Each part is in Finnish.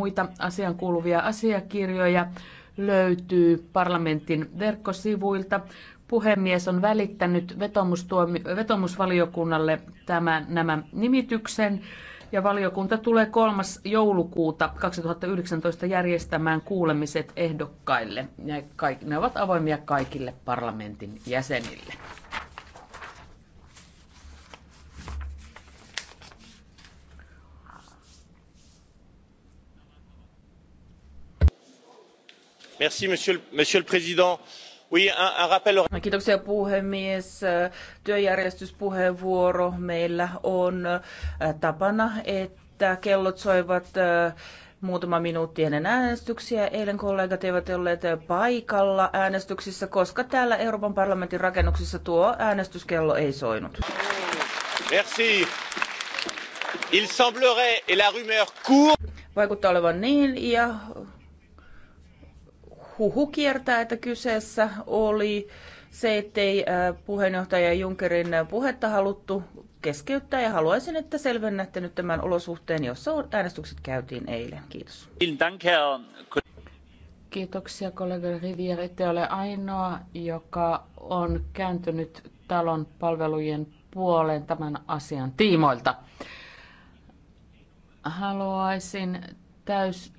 muita asian kuuluvia asiakirjoja löytyy parlamentin verkkosivuilta. Puhemies on välittänyt vetomusvaliokunnalle tämän, nämä nimityksen ja valiokunta tulee 3. joulukuuta 2019 järjestämään kuulemiset ehdokkaille. Ne, kaikki, ne ovat avoimia kaikille parlamentin jäsenille. arvoisa puhemies. Työjärjestyspuheenvuoro. Meillä on äh, tapana, että kellot soivat äh, muutama minuutti ennen äänestyksiä. Eilen kollegat eivät olleet paikalla äänestyksissä, koska täällä Euroopan parlamentin rakennuksessa tuo äänestyskello ei soinut. Merci. Il semblerait et la rumeur court. Vaikuttaa olevan niin ja huhu kiertää, että kyseessä oli se, ettei puheenjohtaja Junckerin puhetta haluttu keskeyttää ja haluaisin, että selvennätte nyt tämän olosuhteen, jossa äänestykset käytiin eilen. Kiitos. Kiitoksia kollega Rivier. Ette ole ainoa, joka on kääntynyt talon palvelujen puoleen tämän asian tiimoilta. Haluaisin täys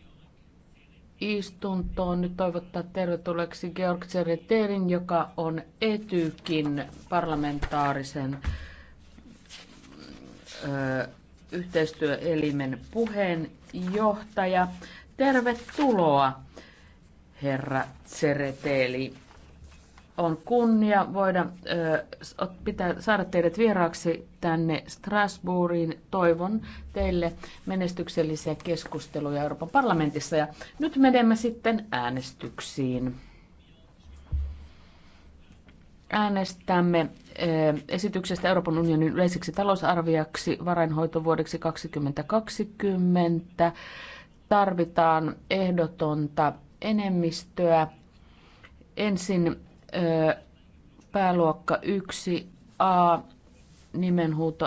istuntoon nyt toivottaa tervetulleeksi Georg Tsereterin, joka on Etykin parlamentaarisen ö, yhteistyöelimen puheenjohtaja. Tervetuloa, herra Tsereteli. On kunnia voida ö, pitää, saada teidät vieraaksi tänne Strasbourgiin. Toivon teille menestyksellisiä keskusteluja Euroopan parlamentissa. Ja nyt menemme sitten äänestyksiin. Äänestämme esityksestä Euroopan unionin yleiseksi talousarviaksi varainhoitovuodeksi 2020. Tarvitaan ehdotonta enemmistöä. Ensin pääluokka 1a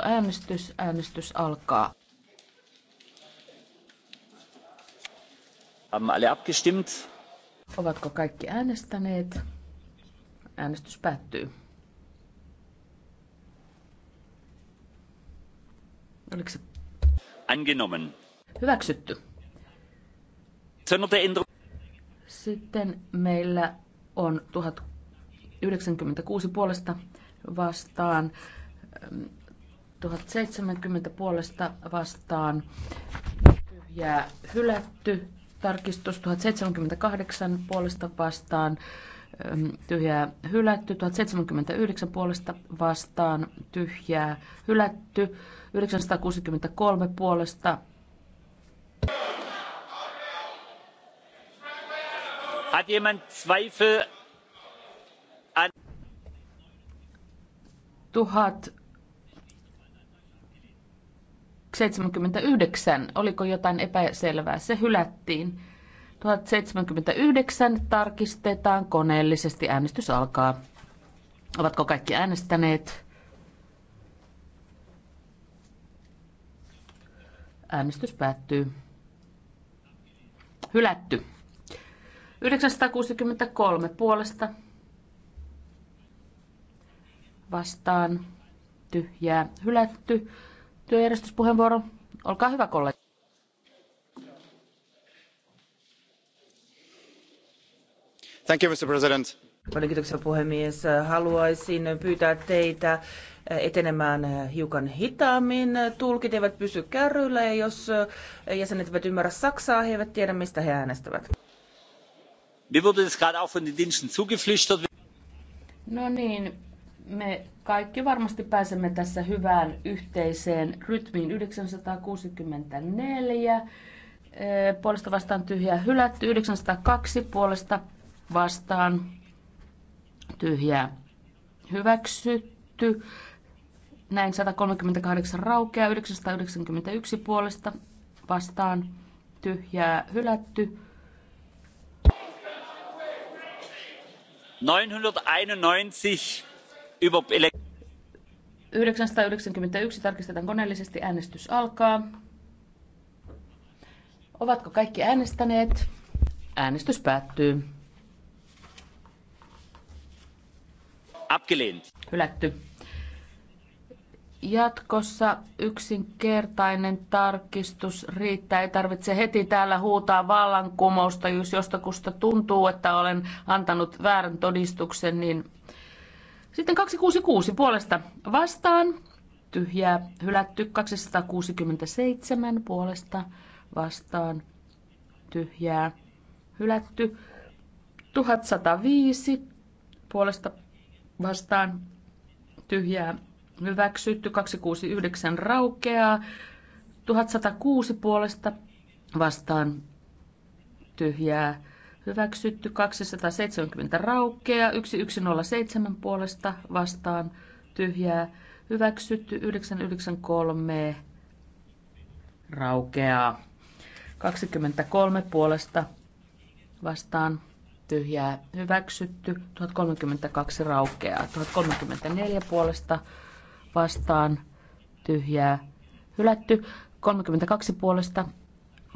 äänestys, Äänestys alkaa. Haben alle abgestimmt? Ovatko kaikki äänestäneet? Äänestys päättyy. Oliko se? Angenommen. Hyväksytty. Sitten meillä on 1000 96 puolesta vastaan, 1070 puolesta vastaan, tyhjää hylätty, tarkistus 1078 puolesta vastaan, tyhjää hylätty, 1079 puolesta vastaan, tyhjää hylätty, 963 puolesta Hat jemand Zweifel 1079, oliko jotain epäselvää, se hylättiin. 1079 tarkistetaan koneellisesti, äänestys alkaa. Ovatko kaikki äänestäneet? Äänestys päättyy. Hylätty. 963 puolesta vastaan tyhjää hylätty. Työjärjestyspuheenvuoro. Olkaa hyvä kollega. Thank you, Mr. President. Paljon kiitoksia puhemies. Haluaisin pyytää teitä etenemään hiukan hitaammin. Tulkit eivät pysy kärryillä ja jos jäsenet eivät ymmärrä saksaa, he eivät tiedä mistä he äänestävät. No niin, me kaikki varmasti pääsemme tässä hyvään yhteiseen rytmiin. 964 eh, puolesta vastaan tyhjää hylätty, 902 puolesta vastaan tyhjää hyväksytty. Näin 138 raukeaa, 991 puolesta vastaan tyhjää hylätty. 991 991 tarkistetaan koneellisesti. Äänestys alkaa. Ovatko kaikki äänestäneet? Äänestys päättyy. Abgelehnt. Hylätty. Jatkossa yksinkertainen tarkistus riittää. Ei tarvitse heti täällä huutaa vallankumousta, jos jostakusta tuntuu, että olen antanut väärän todistuksen, niin sitten 266 puolesta vastaan, tyhjää hylätty. 267 puolesta vastaan, tyhjää hylätty. 1105 puolesta vastaan, tyhjää hyväksytty. 269 raukeaa. 1106 puolesta vastaan, tyhjää Hyväksytty 270 raukkea, 1107 puolesta vastaan tyhjää. Hyväksytty 993 raukeaa. 23 puolesta vastaan tyhjää hyväksytty. 1032 raukeaa. 1034 puolesta vastaan tyhjää hylätty. 32 puolesta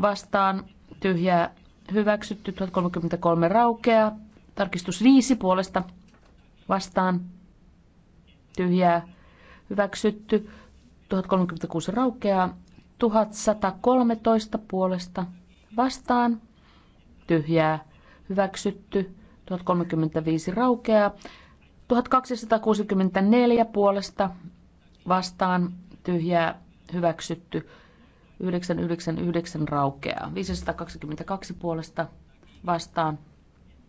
vastaan tyhjää hyväksytty, 1033 raukea, tarkistus 5 puolesta vastaan, tyhjää, hyväksytty, 1036 raukeaa, 1113 puolesta vastaan, tyhjää, hyväksytty, 1035 raukeaa, 1264 puolesta vastaan, tyhjää, hyväksytty, 999 raukeaa. 522 puolesta vastaan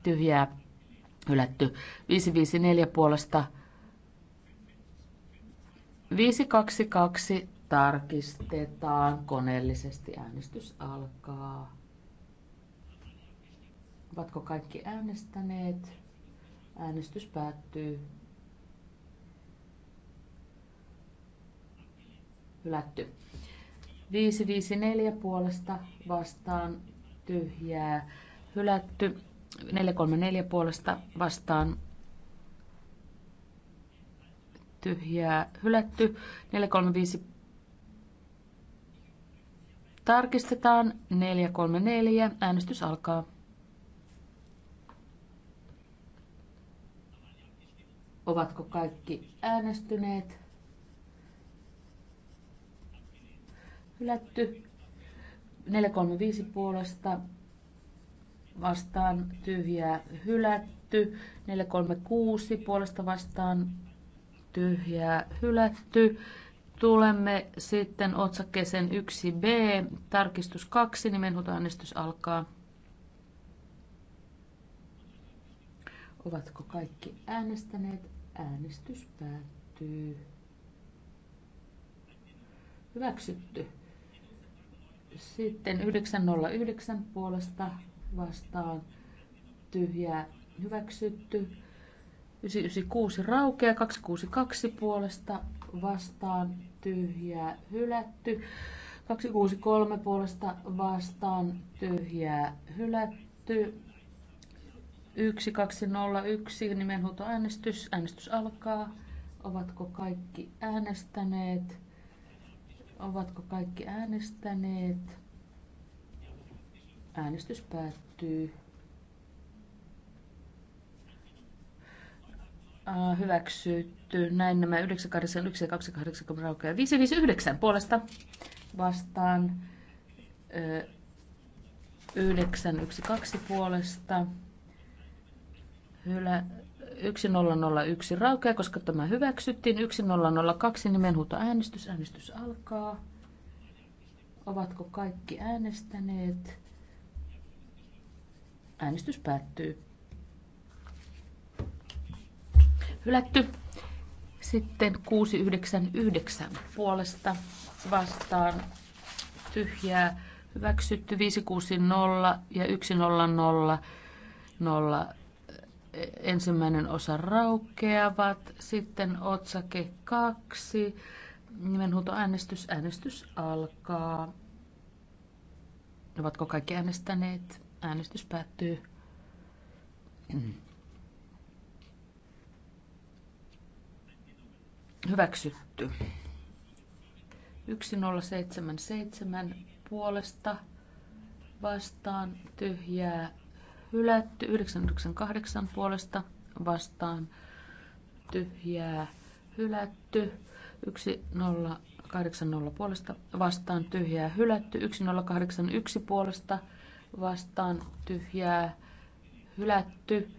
tyhjää hylätty. 554 puolesta 522 tarkistetaan koneellisesti. Äänestys alkaa. Ovatko kaikki äänestäneet? Äänestys päättyy. Hylätty. 554 puolesta vastaan tyhjää hylätty. 434 puolesta vastaan tyhjää hylätty. 435 tarkistetaan. 434 äänestys alkaa. Ovatko kaikki äänestyneet? Hylätty. 435 puolesta vastaan tyhjää hylätty. 436 puolesta vastaan tyhjää hylätty. Tulemme sitten otsakkeeseen 1b, tarkistus 2, nimenhuutoäänestys alkaa. Ovatko kaikki äänestäneet? Äänestys päättyy. Hyväksytty. Sitten 909 puolesta vastaan tyhjää hyväksytty. 996 raukea, 262 puolesta vastaan tyhjää hylätty. 263 puolesta vastaan tyhjää hylätty. 1201 nimenhuutoäänestys. Äänestys alkaa. Ovatko kaikki äänestäneet? Ovatko kaikki äänestäneet? Äänestys päättyy. Äh, Hyväksytty. Näin nämä 981 ja 280 raukeaa. 559 puolesta vastaan. Ö, 912 puolesta. Hylä, 1001 raukeaa, koska tämä hyväksyttiin. 1002 nimenhuuto äänestys. Äänestys alkaa. Ovatko kaikki äänestäneet? Äänestys päättyy. Hylätty. Sitten 699 puolesta vastaan tyhjää hyväksytty 560 ja 100 nolla ensimmäinen osa raukeavat. Sitten otsake kaksi. Nimenhuutoäänestys. Äänestys alkaa. Ovatko kaikki äänestäneet? Äänestys päättyy. Hyväksytty. 1077 puolesta vastaan tyhjää hylätty 998 puolesta vastaan tyhjää hylätty 1080 puolesta vastaan tyhjää hylätty 1081 puolesta vastaan tyhjää hylätty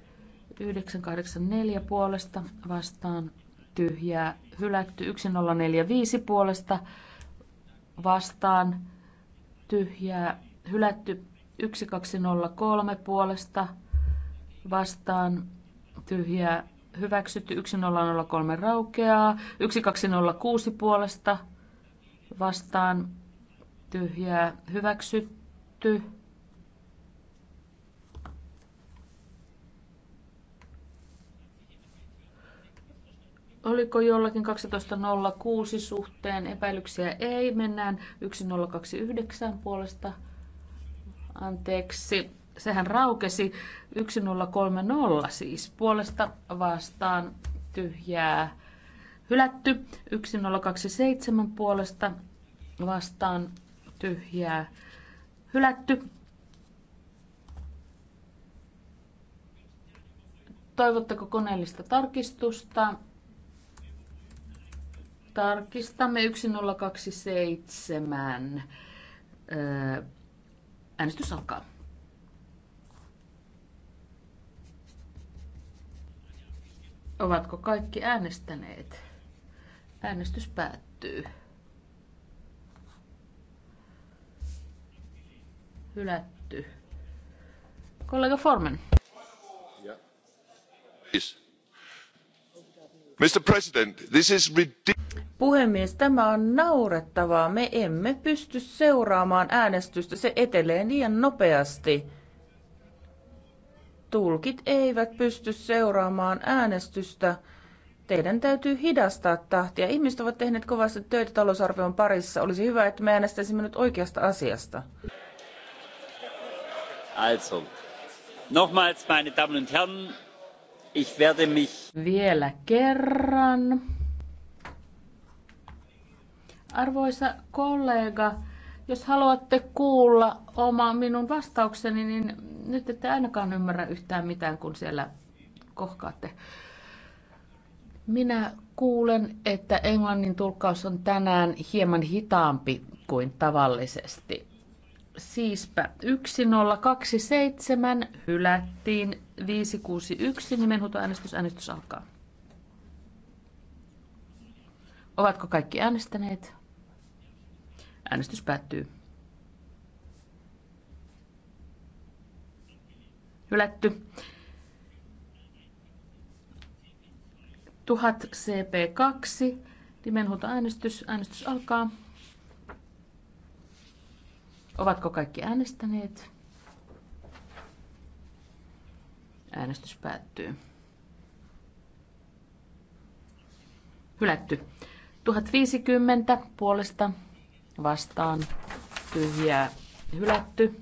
984 puolesta vastaan tyhjää hylätty 1045 puolesta vastaan tyhjää hylätty 1203 puolesta vastaan tyhjää hyväksytty. 1003 raukeaa. 1206 puolesta vastaan tyhjää hyväksytty. Oliko jollakin 12.06 suhteen epäilyksiä? Ei. Mennään 1.029 puolesta Anteeksi, sehän raukesi 1030 siis puolesta vastaan tyhjää hylätty. 1027 puolesta vastaan tyhjää hylätty. Toivotteko koneellista tarkistusta? Tarkistamme 1027 Äänestys alkaa. Ovatko kaikki äänestäneet? Äänestys päättyy. Hylätty. Kollega Formen. Yeah. Mr. Puhemies, tämä on naurettavaa. Me emme pysty seuraamaan äänestystä. Se etelee liian nopeasti. Tulkit eivät pysty seuraamaan äänestystä. Teidän täytyy hidastaa tahtia. Ihmiset ovat tehneet kovasti töitä talousarvion parissa. Olisi hyvä, että me äänestäisimme nyt oikeasta asiasta. Also, nochmals, meine Damen und Herren, Ich werde mich... Vielä kerran. Arvoisa kollega, jos haluatte kuulla oma minun vastaukseni, niin nyt ette ainakaan ymmärrä yhtään mitään, kun siellä kohkaatte. Minä kuulen, että englannin tulkkaus on tänään hieman hitaampi kuin tavallisesti. Siispä 1027 hylättiin 561 nimenhuutoäänestys. Äänestys alkaa. Ovatko kaikki äänestäneet? Äänestys päättyy. Hylätty. 1000 CP2. äänestys, Äänestys alkaa. Ovatko kaikki äänestäneet? Äänestys päättyy. Hylätty. 1050 puolesta vastaan tyhjää hylätty.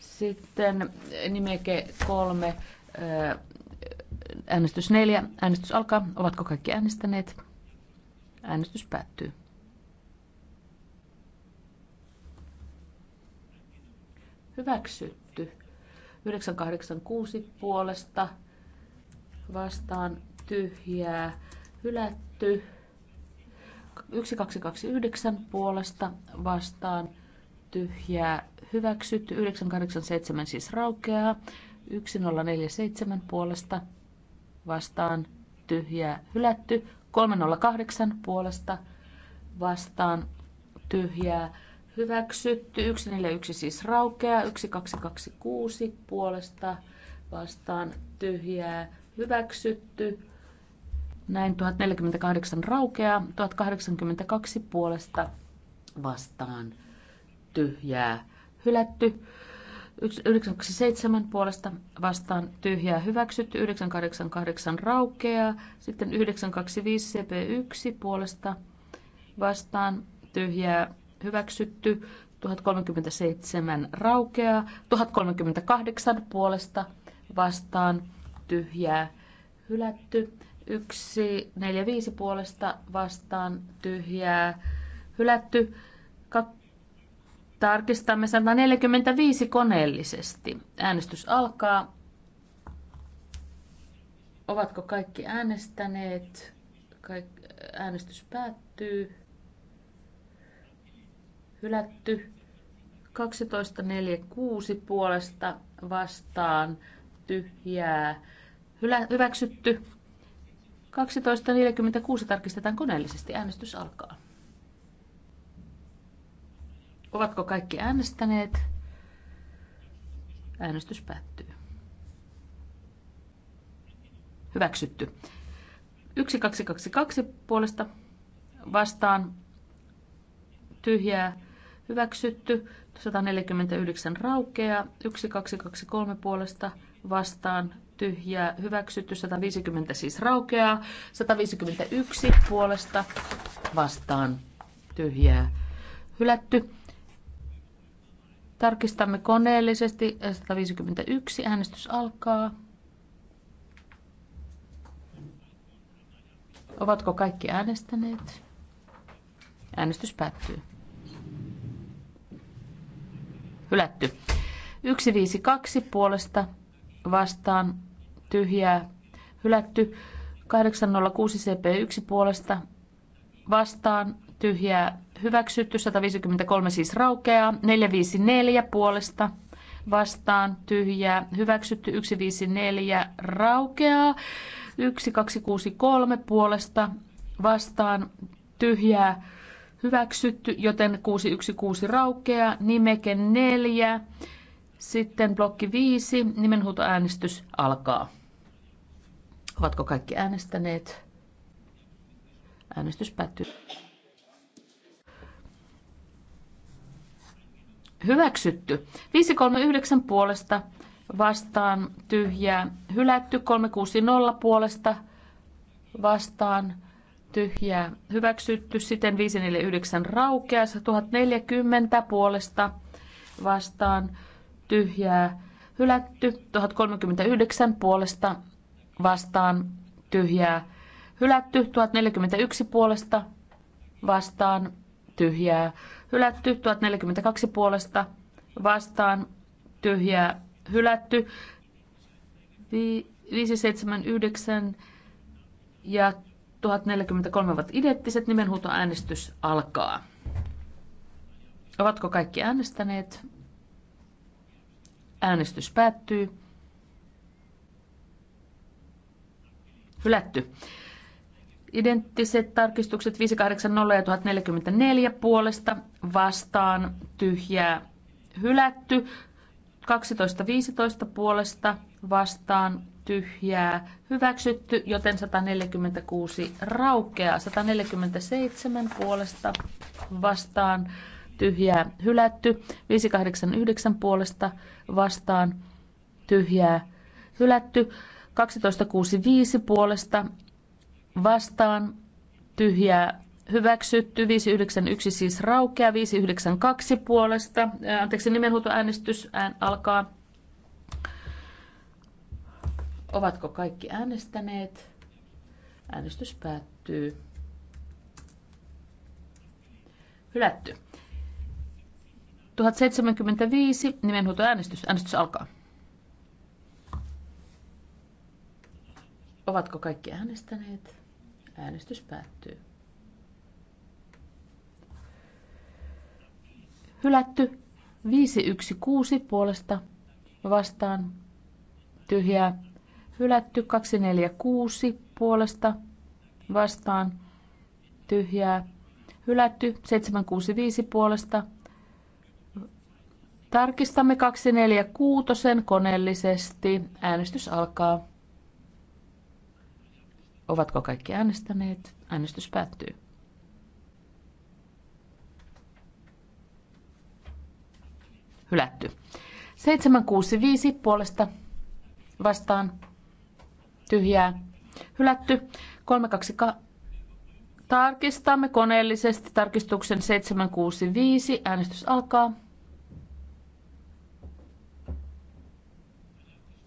Sitten nimeke kolme, äänestys neljä, äänestys alkaa. Ovatko kaikki äänestäneet? Äänestys päättyy. hyväksytty. 986 puolesta vastaan tyhjää hylätty. 1229 puolesta vastaan tyhjää hyväksytty. 987 siis raukeaa. 1047 puolesta vastaan tyhjää hylätty. 308 puolesta vastaan tyhjää hyväksytty. 141 siis raukeaa. 1226 puolesta vastaan tyhjää hyväksytty. Näin 1048 raukeaa. 1082 puolesta vastaan tyhjää hylätty. 927 puolesta vastaan tyhjää hyväksytty, 988 raukeaa, sitten 925 CP1 puolesta vastaan tyhjää hyväksytty, 1037 raukeaa, 1038 puolesta vastaan tyhjää hylätty, 145 puolesta vastaan tyhjää hylätty, Tarkistamme 145 koneellisesti. Äänestys alkaa. Ovatko kaikki äänestäneet? Kaik- äänestys päättyy hylätty. 12.46 puolesta vastaan tyhjää Hylä, hyväksytty. 12.46 tarkistetaan koneellisesti. Äänestys alkaa. Ovatko kaikki äänestäneet? Äänestys päättyy. Hyväksytty. 1222 puolesta vastaan tyhjää hyväksytty, 149 raukeaa, 1223 puolesta vastaan tyhjää hyväksytty, 150 siis raukeaa, 151 puolesta vastaan tyhjää hylätty. Tarkistamme koneellisesti 151, äänestys alkaa. Ovatko kaikki äänestäneet? Äänestys päättyy hylätty. 152 puolesta vastaan tyhjää hylätty. 806 CP1 puolesta vastaan tyhjää hyväksytty. 153 siis raukeaa. 454 puolesta vastaan tyhjää hyväksytty. 154 raukeaa. 1263 puolesta vastaan tyhjää hyväksytty, joten 616 raukeaa, nimeke 4, sitten blokki 5, nimenhuutoäänestys alkaa. Ovatko kaikki äänestäneet? Äänestys päättyy. Hyväksytty. 539 puolesta vastaan tyhjää. Hylätty 360 puolesta vastaan tyhjää hyväksytty. Siten 549 raukeaa. 1040 puolesta vastaan tyhjää hylätty. 1039 puolesta vastaan tyhjää hylätty. 1041 puolesta vastaan tyhjää hylätty. 1042 puolesta vastaan tyhjää hylätty. 579 ja 1043 ovat identtiset, nimenhuutoäänestys alkaa. Ovatko kaikki äänestäneet? Äänestys päättyy. Hylätty. Identtiset tarkistukset 580 ja 1044 puolesta vastaan tyhjää hylätty. 1215 puolesta vastaan tyhjää hyväksytty, joten 146 raukeaa. 147 puolesta vastaan tyhjää hylätty, 589 puolesta vastaan tyhjää hylätty, 1265 puolesta vastaan tyhjää hyväksytty, 591 siis raukea, 592 puolesta, anteeksi nimenhuutoäänestys ään alkaa. Ovatko kaikki äänestäneet? Äänestys päättyy. Hylätty. 1075 nimenhuutoäänestys. Äänestys alkaa. Ovatko kaikki äänestäneet? Äänestys päättyy. Hylätty 516 puolesta vastaan tyhjää Hylätty 246 puolesta vastaan tyhjää. Hylätty 765 puolesta. Tarkistamme 246:n koneellisesti. Äänestys alkaa. Ovatko kaikki äänestäneet? Äänestys päättyy. Hylätty. 765 puolesta vastaan tyhjää hylätty. 322 tarkistamme koneellisesti tarkistuksen 765. Äänestys alkaa.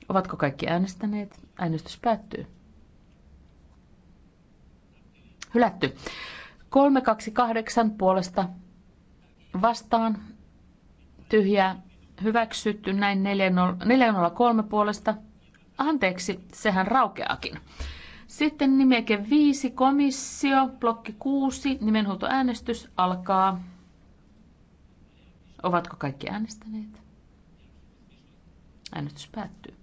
Ovatko kaikki äänestäneet? Äänestys päättyy. Hylätty. 328 puolesta vastaan. Tyhjää hyväksytty. Näin 403 puolesta Anteeksi, sehän raukeakin. Sitten nimeke 5, komissio, blokki 6, nimenhuutoäänestys alkaa. Ovatko kaikki äänestäneet? Äänestys päättyy.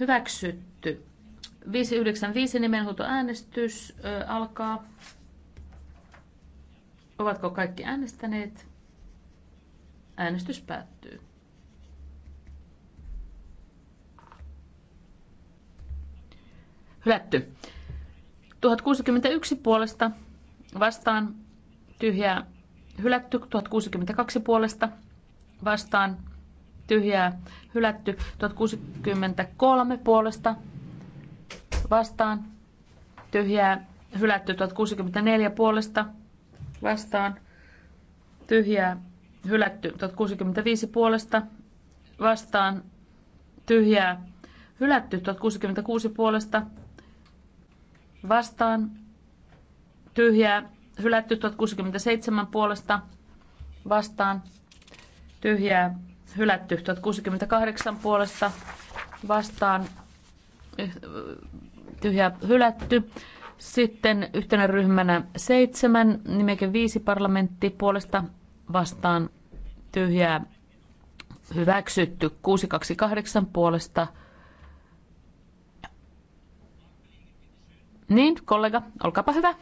Hyväksytty. 595 nimenhuutoäänestys ö, alkaa. Ovatko kaikki äänestäneet? Äänestys päättyy. Hylätty. 1061 puolesta vastaan tyhjää hylätty. 1062 puolesta vastaan tyhjää hylätty. 1063 puolesta vastaan tyhjää hylätty. 1064 puolesta vastaan tyhjää hylätty. 1065 puolesta vastaan tyhjää hylätty. 1066 puolesta vastaan, tyhjää, hylätty 1067 puolesta, vastaan, tyhjää, hylätty 1068 puolesta, vastaan, eh, tyhjää, hylätty. Sitten yhtenä ryhmänä seitsemän, nimekin viisi parlamentti puolesta, vastaan, tyhjää, hyväksytty 628 puolesta, Niin, kollega, olkaapa hyvä.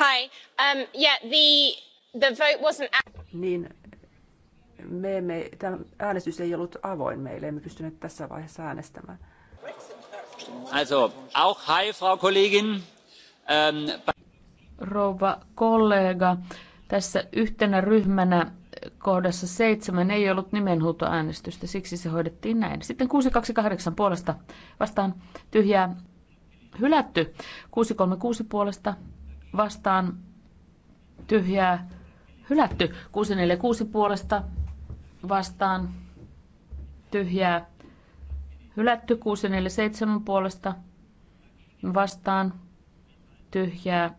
Hi. Um, yeah, the, the vote wasn't... Niin, me emme, tämä äänestys ei ollut avoin meille, emme pystyneet tässä vaiheessa äänestämään. Also, auch hi, Frau Kollegin. Ähm, Rouva kollega, tässä yhtenä ryhmänä kohdassa seitsemän ei ollut nimenhuutoäänestystä, siksi se hoidettiin näin. Sitten 628 puolesta vastaan tyhjää hylätty. 636 puolesta vastaan tyhjää hylätty. 646 puolesta vastaan tyhjää hylätty. 647 puolesta vastaan tyhjää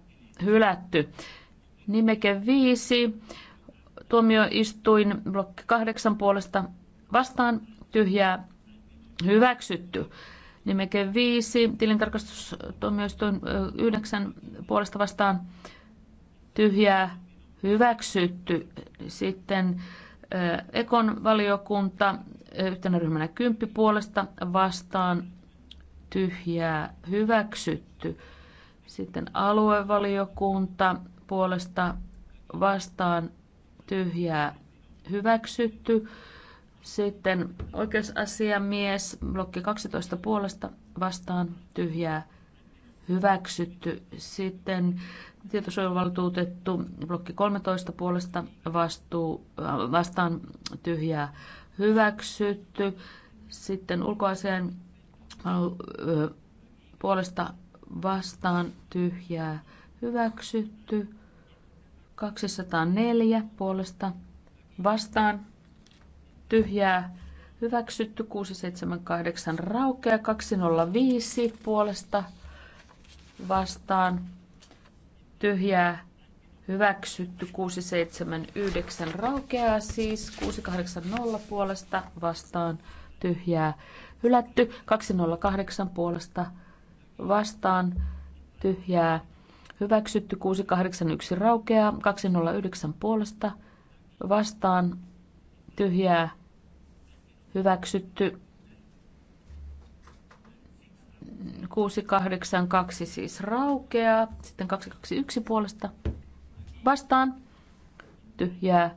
hylätty. Nimeke 5 Tuomioistuin blokki kahdeksan puolesta vastaan tyhjää hyväksytty. Nimeke 5, tilintarkastustuomioistuin 9 puolesta vastaan tyhjää hyväksytty. Sitten Ekon valiokunta yhtenä ryhmänä 10 puolesta vastaan tyhjää hyväksytty. Sitten aluevaliokunta puolesta vastaan tyhjää hyväksytty. Sitten oikeusasiamies, blokki 12 puolesta vastaan tyhjää hyväksytty. Sitten tietosuojavaltuutettu, blokki 13 puolesta vastuu, äh, vastaan tyhjää hyväksytty. Sitten ulkoasian äh, puolesta vastaan tyhjää hyväksytty. 204 puolesta vastaan tyhjää hyväksytty 678 raukea 205 puolesta vastaan tyhjää hyväksytty 679 raukeaa siis 680 puolesta vastaan tyhjää hylätty 208 puolesta vastaan tyhjää Hyväksytty 681 raukeaa, 209 puolesta vastaan tyhjää hyväksytty 682 siis raukeaa, sitten 221 puolesta vastaan tyhjää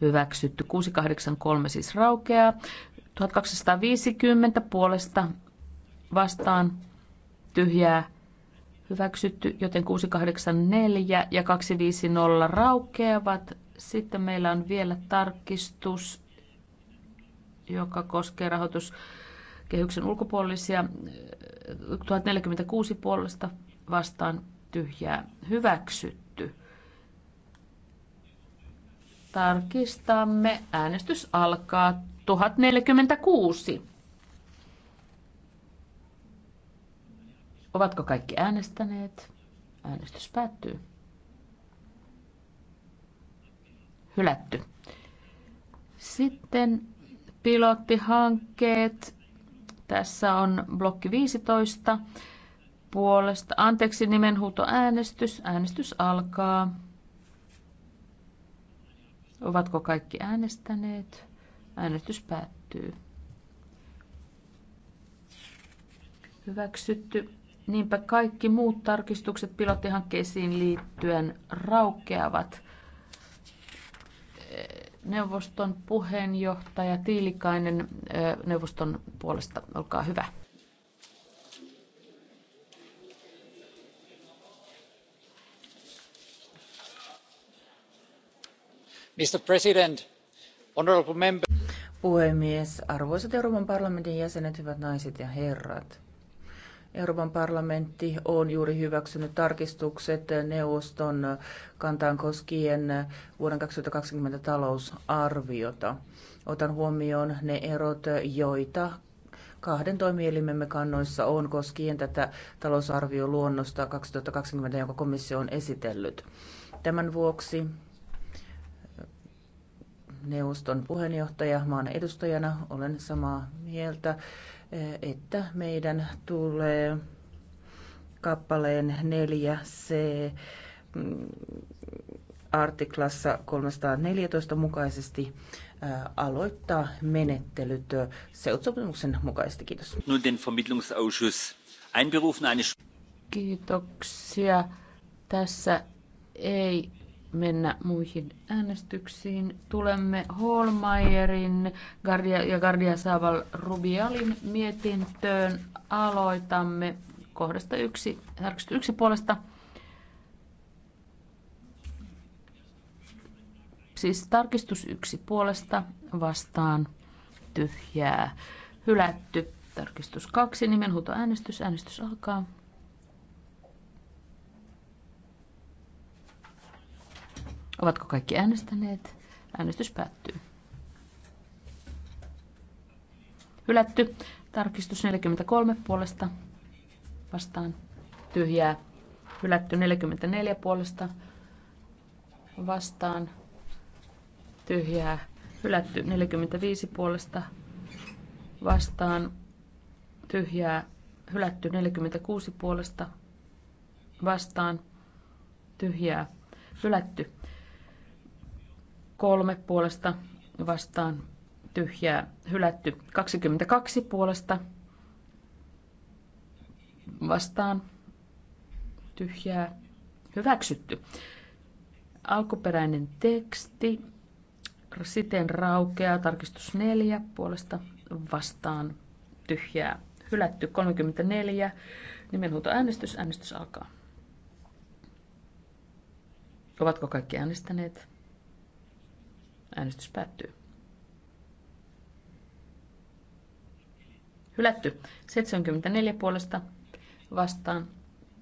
hyväksytty 683 siis raukeaa, 1250 puolesta vastaan tyhjää hyväksytty, joten 684 ja 250 raukeavat. Sitten meillä on vielä tarkistus, joka koskee rahoituskehyksen ulkopuolisia 1046 puolesta vastaan tyhjää hyväksytty. Tarkistamme. Äänestys alkaa 1046. Ovatko kaikki äänestäneet? Äänestys päättyy. Hylätty. Sitten pilottihankkeet. Tässä on blokki 15 puolesta. Anteeksi, äänestys. Äänestys alkaa. Ovatko kaikki äänestäneet? Äänestys päättyy. Hyväksytty. Niinpä kaikki muut tarkistukset pilottihankkeisiin liittyen raukeavat. Neuvoston puheenjohtaja Tiilikainen neuvoston puolesta, olkaa hyvä. Mr. President, honorable members. Puhemies, arvoisat Euroopan parlamentin jäsenet, hyvät naiset ja herrat. Euroopan parlamentti on juuri hyväksynyt tarkistukset neuvoston kantaan koskien vuoden 2020 talousarviota. Otan huomioon ne erot, joita kahden toimielimemme kannoissa on koskien tätä talousarvioluonnosta 2020, jonka komissio on esitellyt. Tämän vuoksi neuvoston puheenjohtaja, maan edustajana olen samaa mieltä että meidän tulee kappaleen 4c mm, artiklassa 314 mukaisesti aloittaa menettelyt seutsopimuksen mukaisesti. Kiitos. Nun den Vermittlungsausschuss einberufen eine Kiitoksia. Tässä ei mennä muihin äänestyksiin. Tulemme Holmeierin ja Gardia Saval Rubialin mietintöön. Aloitamme kohdasta yksi, yksi puolesta. Siis tarkistus yksi puolesta vastaan tyhjää hylätty. Tarkistus kaksi nimenhuuto äänestys. Äänestys alkaa. Ovatko kaikki äänestäneet? Äänestys päättyy. Hylätty. Tarkistus 43 puolesta vastaan tyhjää. Hylätty 44 puolesta vastaan tyhjää. Hylätty 45 puolesta vastaan tyhjää. Hylätty 46 puolesta vastaan tyhjää. Hylätty Kolme puolesta vastaan tyhjää hylätty. 22 puolesta vastaan tyhjää hyväksytty. Alkuperäinen teksti siten raukeaa tarkistus 4 puolesta vastaan tyhjää hylätty 34 äänestys. äänestys alkaa. Ovatko kaikki äänestäneet? Äänestys päättyy. Hylätty. 74 puolesta vastaan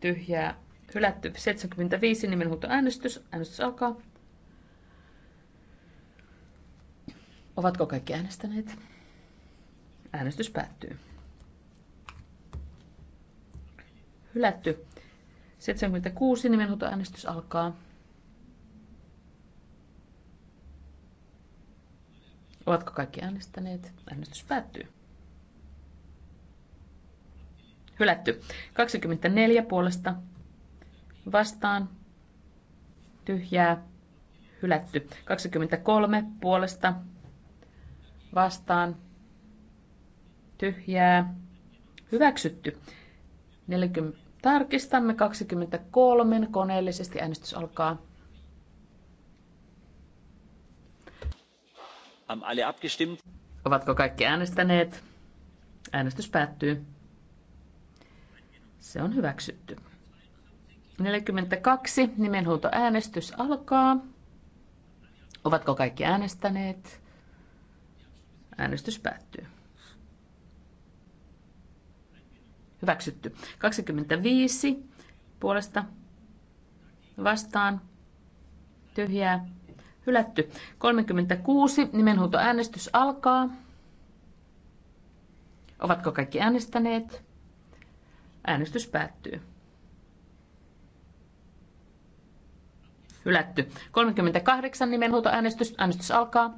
tyhjää. Hylätty. 75 nimenhuuto äänestys. Äänestys alkaa. Ovatko kaikki äänestäneet? Äänestys päättyy. Hylätty. 76 nimenhuuto äänestys alkaa. Ovatko kaikki äänestäneet? Äänestys päättyy. Hylätty. 24 puolesta vastaan. Tyhjää. Hylätty. 23 puolesta vastaan. Tyhjää. Hyväksytty. 40. Tarkistamme 23. Koneellisesti äänestys alkaa. Ovatko kaikki äänestäneet? Äänestys päättyy. Se on hyväksytty. 42. Nimenhuutoäänestys alkaa. Ovatko kaikki äänestäneet? Äänestys päättyy. Hyväksytty. 25. Puolesta vastaan. Tyhjää Hylätty. 36. Nimenhuutoäänestys alkaa. Ovatko kaikki äänestäneet? Äänestys päättyy. Hylätty. 38 nimenhuutoäänestys. Äänestys alkaa.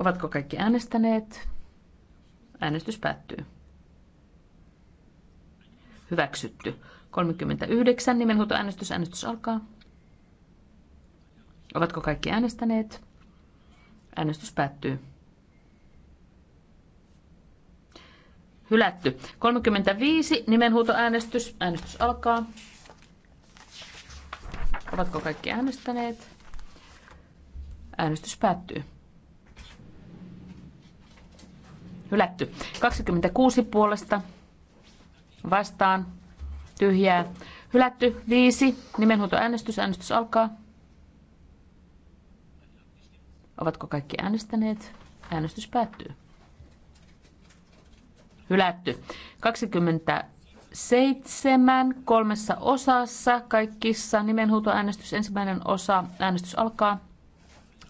Ovatko kaikki äänestäneet? Äänestys päättyy. Hyväksytty. 39 nimenhuutoäänestys. Äänestys alkaa. Ovatko kaikki äänestäneet? Äänestys päättyy. Hylätty. 35 nimenhuutoäänestys. Äänestys alkaa. Ovatko kaikki äänestäneet? Äänestys päättyy. Hylätty. 26 puolesta vastaan. Tyhjää. Hylätty. 5. Nimenhuutoäänestys. Äänestys alkaa. Ovatko kaikki äänestäneet? Äänestys päättyy. Hylätty. 27 kolmessa osassa kaikissa nimenhuutoäänestys. Ensimmäinen osa. Äänestys alkaa.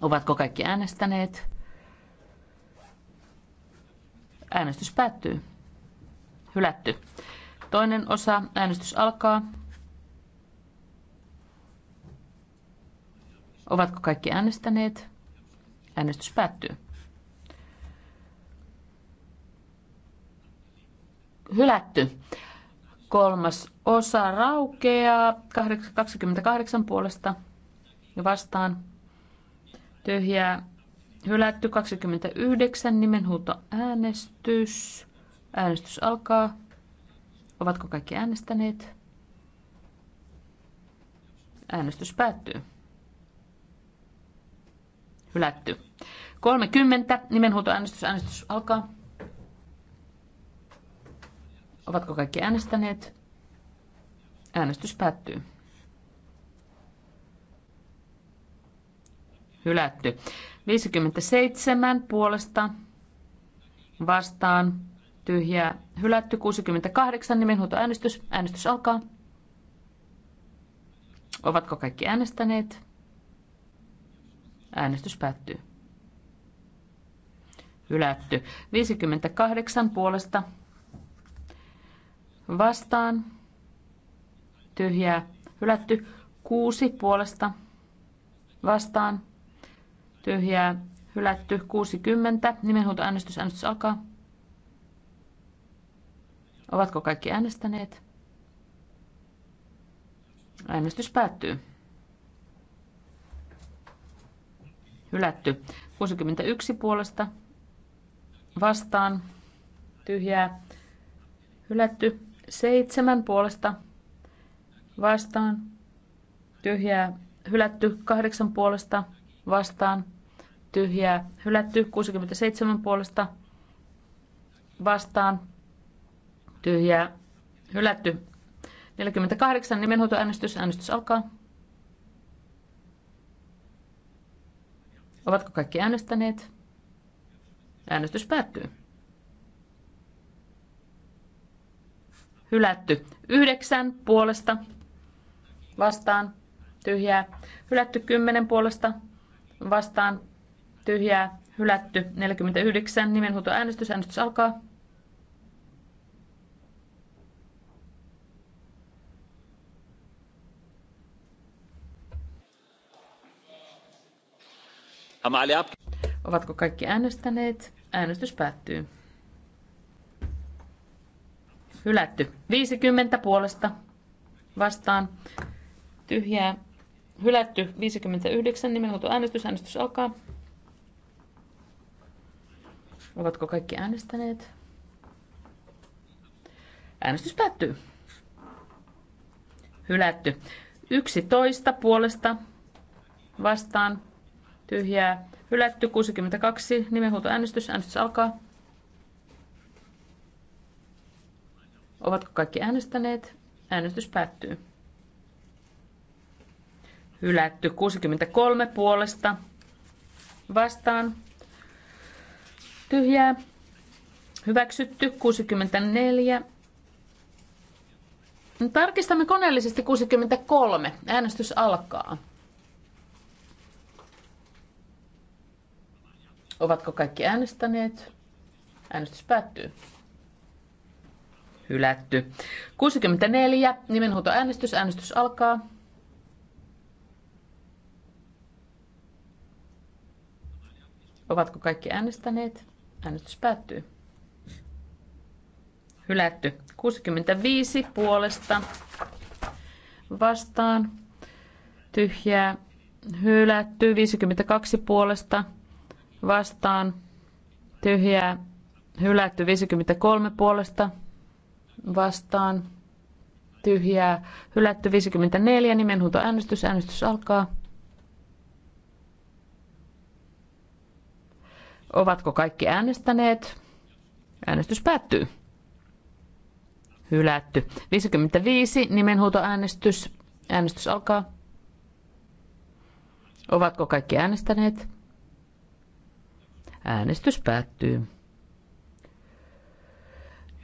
Ovatko kaikki äänestäneet? Äänestys päättyy. Hylätty. Toinen osa. Äänestys alkaa. Ovatko kaikki äänestäneet? Äänestys päättyy. Hylätty. Kolmas osa raukeaa 28 puolesta ja vastaan. Tyhjää hylätty 29 nimenhuuto äänestys. Äänestys alkaa. Ovatko kaikki äänestäneet? Äänestys päättyy hylätty. 30. Nimenhuutoäänestys. Äänestys alkaa. Ovatko kaikki äänestäneet? Äänestys päättyy. Hylätty. 57 puolesta vastaan tyhjää. Hylätty 68 nimenhuutoäänestys. Äänestys alkaa. Ovatko kaikki äänestäneet? Äänestys päättyy. Hylätty. 58 puolesta vastaan. Tyhjää. Hylätty. 6 puolesta vastaan. Tyhjää. Hylätty. 60. äänestys. Äänestys alkaa. Ovatko kaikki äänestäneet? Äänestys päättyy. hylätty. 61 puolesta vastaan tyhjää hylätty. 7 puolesta vastaan tyhjää hylätty. 8 puolesta vastaan tyhjää hylätty. 67 puolesta vastaan tyhjää hylätty. 48 nimenhoitoäänestys. Äänestys alkaa. Ovatko kaikki äänestäneet? Äänestys päättyy. Hylätty. Yhdeksän puolesta vastaan tyhjää. Hylätty kymmenen puolesta vastaan tyhjää. Hylätty 49. Nimenhuuto äänestys. Äänestys alkaa. Ovatko kaikki äänestäneet? Äänestys päättyy. Hylätty. 50 puolesta vastaan. Tyhjää. Hylätty 59. Nimenhuuto äänestys. Äänestys alkaa. Ovatko kaikki äänestäneet? Äänestys päättyy. Hylätty. 11 puolesta vastaan tyhjää hylätty. 62 äänestys, Äänestys alkaa. Ovatko kaikki äänestäneet? Äänestys päättyy. Hylätty 63 puolesta vastaan. Tyhjää. Hyväksytty 64. Tarkistamme koneellisesti 63. Äänestys alkaa. Ovatko kaikki äänestäneet? Äänestys päättyy. Hylätty. 64. Nimenhuutoäänestys. Äänestys alkaa. Ovatko kaikki äänestäneet? Äänestys päättyy. Hylätty. 65 puolesta vastaan. Tyhjää. Hylätty. 52 puolesta vastaan, tyhjää, hylätty 53 puolesta vastaan, tyhjää, hylätty 54, nimenhuuto äänestys, äänestys alkaa. Ovatko kaikki äänestäneet? Äänestys päättyy. Hylätty. 55, nimenhuutoäänestys. Äänestys alkaa. Ovatko kaikki äänestäneet? Äänestys päättyy.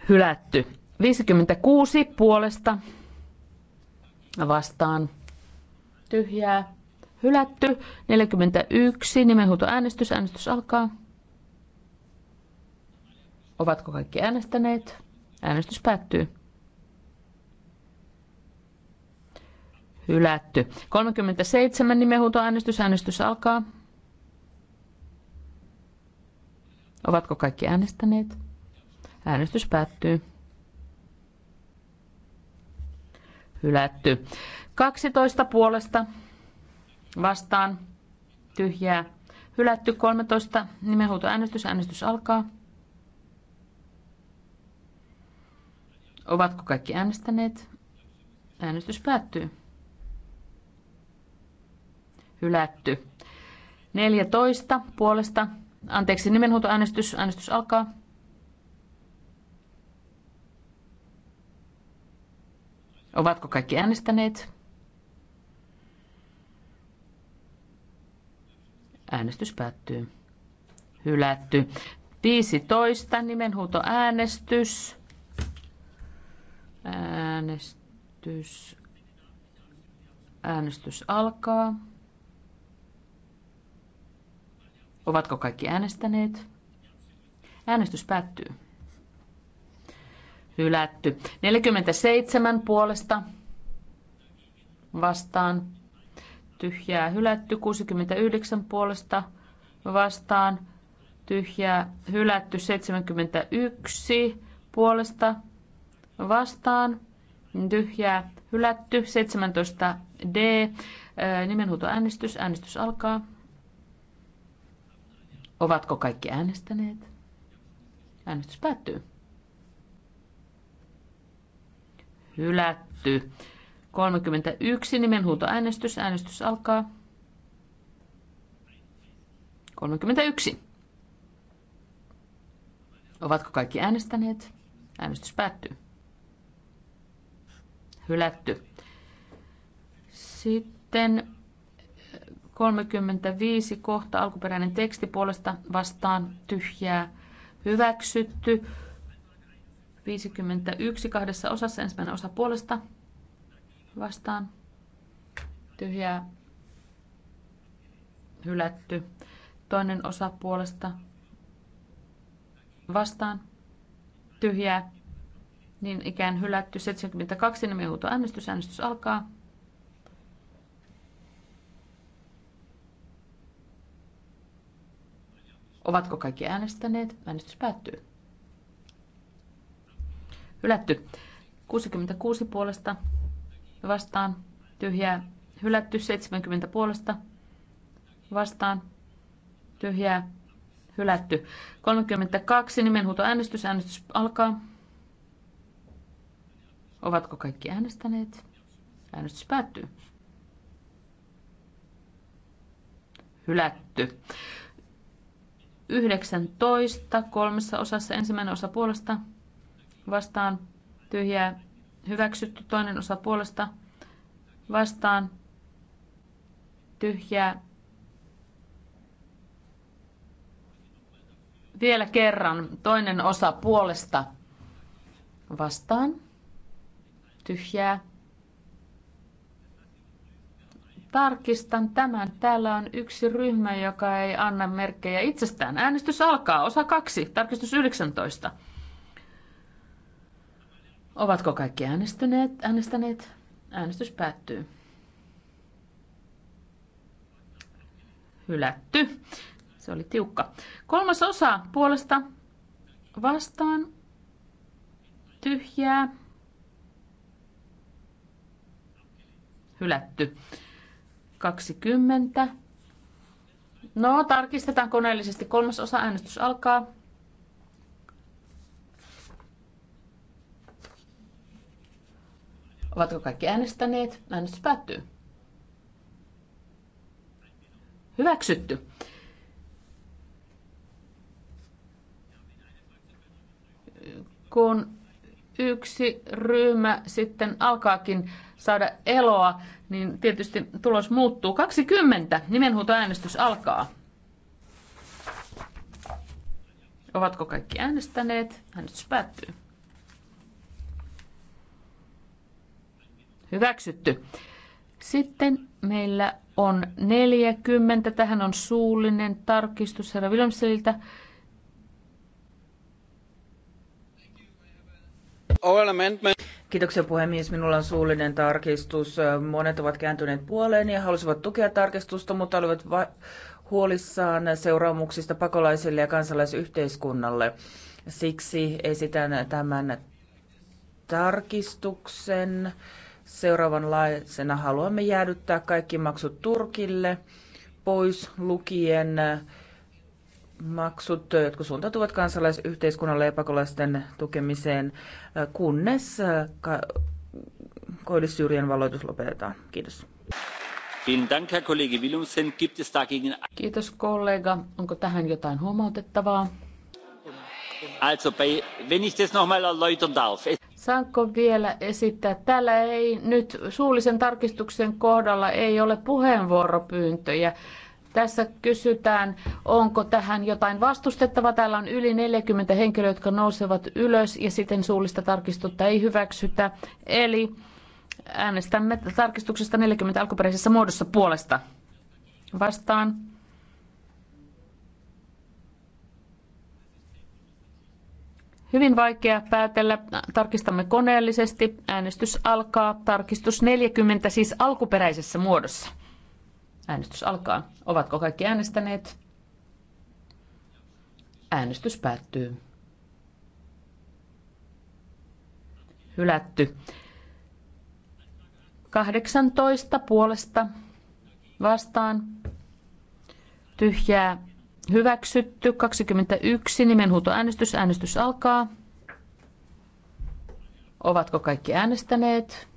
Hylätty. 56 puolesta vastaan. Tyhjää. Hylätty. 41. Nimenhuuto äänestys. Äänestys alkaa. Ovatko kaikki äänestäneet? Äänestys päättyy. Hylätty. 37 nimenhuuto äänestys. Äänestys alkaa. Ovatko kaikki äänestäneet? Äänestys päättyy. Hylätty. 12 puolesta vastaan tyhjää. Hylätty 13. Nimenhuutoäänestys. Äänestys alkaa. Ovatko kaikki äänestäneet? Äänestys päättyy. Hylätty. 14 puolesta Anteeksi, nimenhuutoäänestys. Äänestys alkaa. Ovatko kaikki äänestäneet? Äänestys päättyy. Hylätty. 15 nimenhuutoäänestys. Äänestys. Äänestys alkaa. Ovatko kaikki äänestäneet? Äänestys päättyy. Hylätty. 47 puolesta vastaan. Tyhjää hylätty. 69 puolesta vastaan. Tyhjää hylätty. 71 puolesta vastaan. Tyhjää hylätty. 17 D. Nimenhuutoäänestys. Äänestys alkaa. Ovatko kaikki äänestäneet? Äänestys päättyy. Hylätty. 31 nimenhuutoäänestys. Äänestys alkaa. 31. Ovatko kaikki äänestäneet? Äänestys päättyy. Hylätty. Sitten 35 kohta alkuperäinen teksti puolesta vastaan tyhjää hyväksytty. 51 kahdessa osassa ensimmäinen osa puolesta vastaan tyhjää hylätty. Toinen osa puolesta vastaan tyhjää niin ikään hylätty. 72 nimi niin äänestys. Äänestys alkaa. Ovatko kaikki äänestäneet? Äänestys päättyy. Hylätty. 66 puolesta vastaan. Tyhjää. Hylätty. 70 puolesta vastaan. Tyhjää. Hylätty. 32. äänestys. Äänestys alkaa. Ovatko kaikki äänestäneet? Äänestys päättyy. Hylätty. 19 kolmessa osassa ensimmäinen osa puolesta vastaan tyhjää hyväksytty toinen osa puolesta vastaan tyhjää vielä kerran toinen osa puolesta vastaan tyhjää Tarkistan tämän. Täällä on yksi ryhmä, joka ei anna merkkejä itsestään. Äänestys alkaa. Osa kaksi. Tarkistus 19. Ovatko kaikki äänestyneet, äänestäneet? Äänestys päättyy. Hylätty. Se oli tiukka. Kolmas osa puolesta vastaan. Tyhjää. Hylätty. 20. No, tarkistetaan koneellisesti. Kolmas osa äänestys alkaa. Ovatko kaikki äänestäneet? Äänestys päättyy. Hyväksytty. Kun yksi ryhmä sitten alkaakin saada eloa, niin tietysti tulos muuttuu. 20. Nimenhuutoäänestys alkaa. Ovatko kaikki äänestäneet? Äänestys päättyy. Hyväksytty. Sitten meillä on 40. Tähän on suullinen tarkistus herra Vilmseliltä. Oil amendment. Kiitoksia puhemies. Minulla on suullinen tarkistus. Monet ovat kääntyneet puoleen ja halusivat tukea tarkistusta, mutta olivat va- huolissaan seuraamuksista pakolaisille ja kansalaisyhteiskunnalle. Siksi esitän tämän tarkistuksen. Seuraavanlaisena haluamme jäädyttää kaikki maksut Turkille, pois lukien maksut, äh, jotka suuntautuvat kansalaisyhteiskunnalle ja pakolaisten tukemiseen, äh, kunnes äh, ka- Koillis-Syyrian valloitus lopetetaan. Kiitos. Kiitos kollega. Onko tähän jotain huomautettavaa? Also bei, wenn ich das erläutern darf. Saanko vielä esittää? Täällä ei nyt suullisen tarkistuksen kohdalla ei ole puheenvuoropyyntöjä. Tässä kysytään, onko tähän jotain vastustettavaa. Täällä on yli 40 henkilöä, jotka nousevat ylös ja sitten suullista tarkistusta ei hyväksytä. Eli äänestämme tarkistuksesta 40 alkuperäisessä muodossa puolesta. Vastaan. Hyvin vaikea päätellä. Tarkistamme koneellisesti. Äänestys alkaa. Tarkistus 40 siis alkuperäisessä muodossa. Äänestys alkaa. Ovatko kaikki äänestäneet? Äänestys päättyy. Hylätty. 18 puolesta vastaan. Tyhjää hyväksytty. 21 nimenhuutoäänestys. Äänestys alkaa. Ovatko kaikki äänestäneet?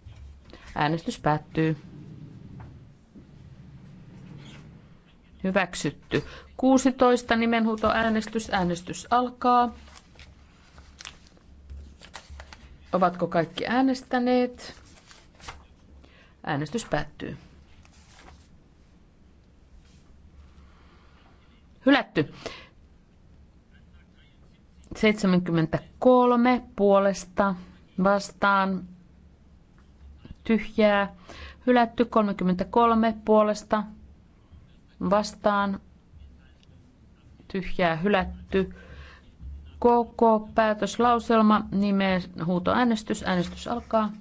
Äänestys päättyy. Hyväksytty. 16 nimenhuutoäänestys. Äänestys alkaa. Ovatko kaikki äänestäneet? Äänestys päättyy. Hylätty. 73 puolesta vastaan tyhjää. Hylätty 33 puolesta vastaan tyhjää hylätty. Koko päätöslauselma nimeä huutoäänestys. Äänestys alkaa.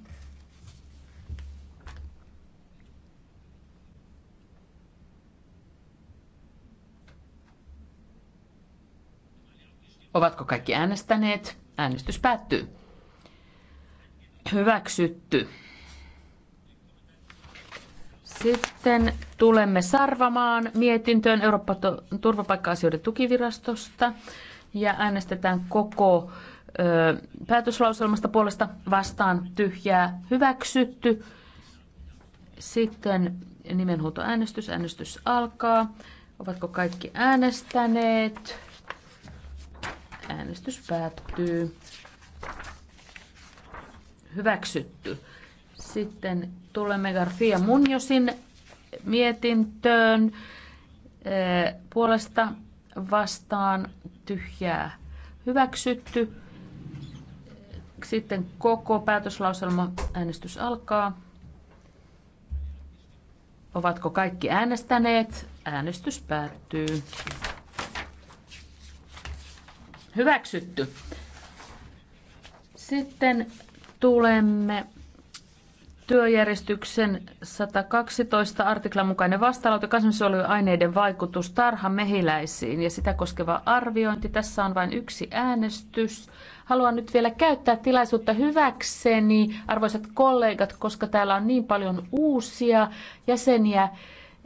Ovatko kaikki äänestäneet? Äänestys päättyy. Hyväksytty. Sitten tulemme Sarvamaan mietintöön Euroopan turvapaikka-asioiden tukivirastosta ja äänestetään koko ö, päätöslauselmasta puolesta vastaan tyhjää hyväksytty. Sitten nimenhuutoäänestys. Äänestys alkaa. Ovatko kaikki äänestäneet? Äänestys päättyy. Hyväksytty. Sitten tulemme Garfia Munjosin mietintöön puolesta vastaan tyhjää hyväksytty. Sitten koko päätöslauselma äänestys alkaa. Ovatko kaikki äänestäneet? Äänestys päättyy. Hyväksytty. Sitten tulemme työjärjestyksen 112 artiklan mukainen vastalaute kasvinsuojeluaineiden aineiden vaikutus tarhamehiläisiin ja sitä koskeva arviointi. Tässä on vain yksi äänestys. Haluan nyt vielä käyttää tilaisuutta hyväkseni, arvoisat kollegat, koska täällä on niin paljon uusia jäseniä,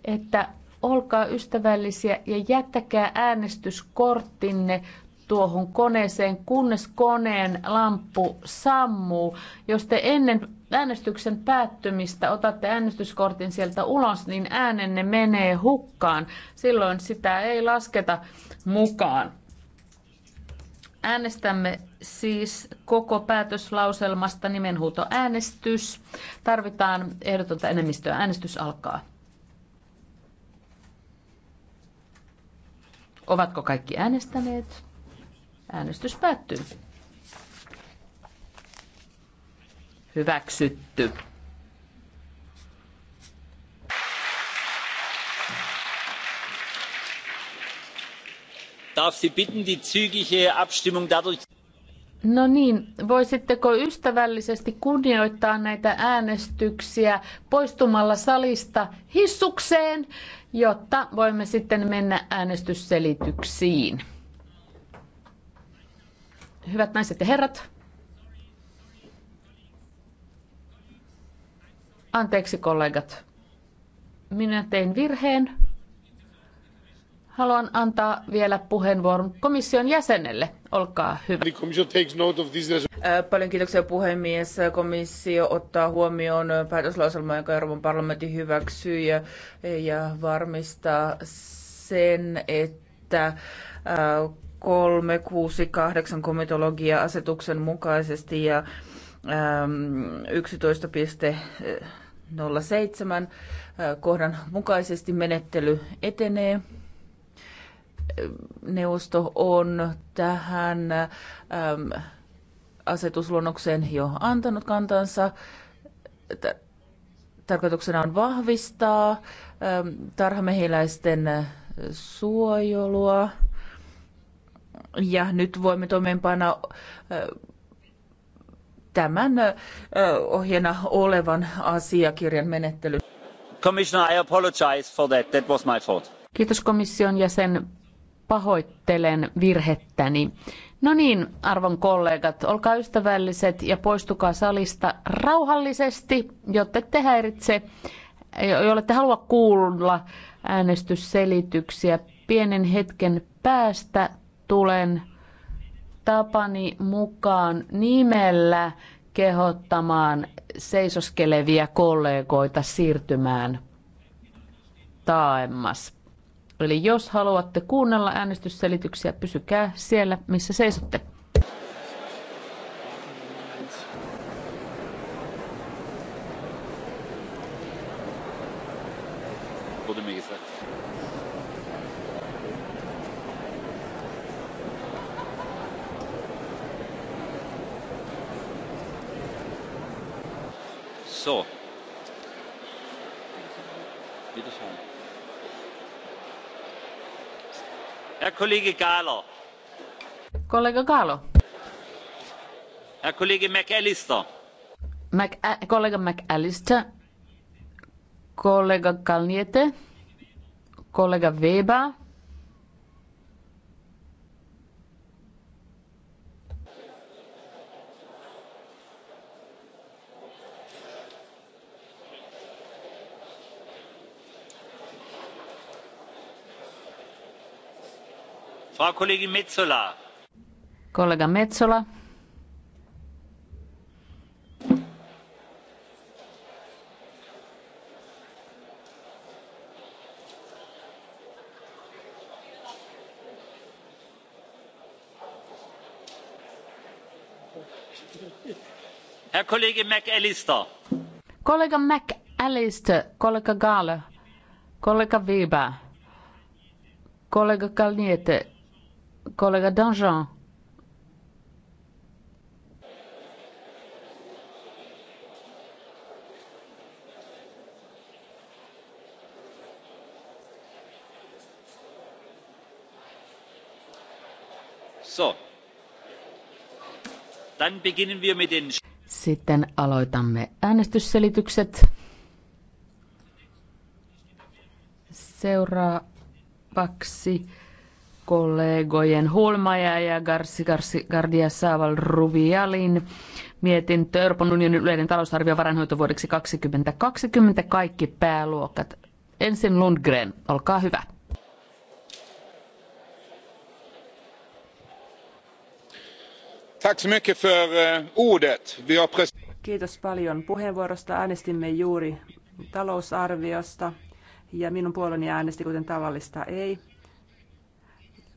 että olkaa ystävällisiä ja jättäkää äänestyskorttinne tuohon koneeseen, kunnes koneen lamppu sammuu. Jos te ennen äänestyksen päättymistä otatte äänestyskortin sieltä ulos, niin äänenne menee hukkaan. Silloin sitä ei lasketa mukaan. Äänestämme siis koko päätöslauselmasta nimenhuuto äänestys. Tarvitaan ehdotonta enemmistöä. Äänestys alkaa. Ovatko kaikki äänestäneet? Äänestys päättyy. Hyväksytty. Darf Sie bitten, die zügige Abstimmung dadurch No niin, voisitteko ystävällisesti kunnioittaa näitä äänestyksiä poistumalla salista hissukseen, jotta voimme sitten mennä äänestysselityksiin? Hyvät naiset ja herrat, anteeksi kollegat, minä tein virheen. Haluan antaa vielä puheenvuoron komission jäsenelle. Olkaa hyvä. Paljon kiitoksia puhemies. Komissio ottaa huomioon päätöslauselman, jonka Euroopan parlamentti hyväksyy ja, ja varmistaa sen, että että 368 komitologia-asetuksen mukaisesti ja 11.07 kohdan mukaisesti menettely etenee. Neuvosto on tähän asetusluonnokseen jo antanut kantansa. Tarkoituksena on vahvistaa tarhamehiläisten suojelua ja nyt voimme toimeenpanna tämän ohjena olevan asiakirjan menettely. Commissioner, I apologize for that. That was my fault. Kiitos komission jäsen. Pahoittelen virhettäni. No niin, arvon kollegat, olkaa ystävälliset ja poistukaa salista rauhallisesti, jotta te häiritse, jolle te halua kuulla äänestysselityksiä. Pienen hetken päästä tulen tapani mukaan nimellä kehottamaan seisoskelevia kollegoita siirtymään taemmas. Eli jos haluatte kuunnella äänestysselityksiä, pysykää siellä, missä seisotte. Kollege Galo. Kollega Galo. Herr Kollege McAllister. Äh, kollega McAllister. Kollega Kalniete. Kollega Weber. kollegi Metsola. Kollega Metsola. Herr Kollege McAllister. Kollega McAllister, kollega Gaaler, kollega Weber, kollega Kalniete, Kollega Danjean. Sitten aloitamme äänestysselitykset. Seuraavaksi kollegojen Hulmaja ja Garci, Gardia Saval Rubialin mietintö Euroopan unionin yleinen talousarvio varainhoitovuodeksi 2020 kaikki pääluokat. Ensin Lundgren, olkaa hyvä. Eh, Kiitos paljon puheenvuorosta. Äänestimme juuri talousarviosta ja minun puoleni äänesti kuten tavallista ei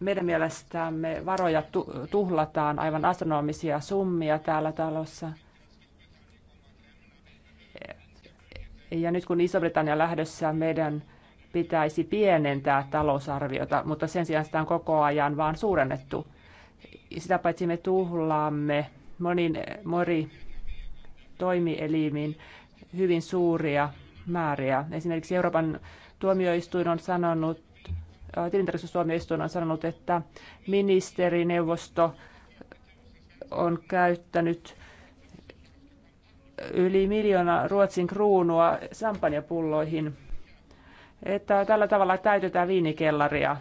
meidän mielestämme varoja tuhlataan aivan astronomisia summia täällä talossa. Ja nyt kun Iso-Britannia lähdössä, meidän pitäisi pienentää talousarviota, mutta sen sijaan sitä on koko ajan vaan suurennettu. Sitä paitsi me tuhlaamme monin mori toimielimin hyvin suuria määriä. Esimerkiksi Euroopan tuomioistuin on sanonut, tilintarkastustuomioistuin on sanonut, että ministerineuvosto on käyttänyt yli miljoona Ruotsin kruunua sampanjapulloihin, että tällä tavalla täytetään viinikellaria.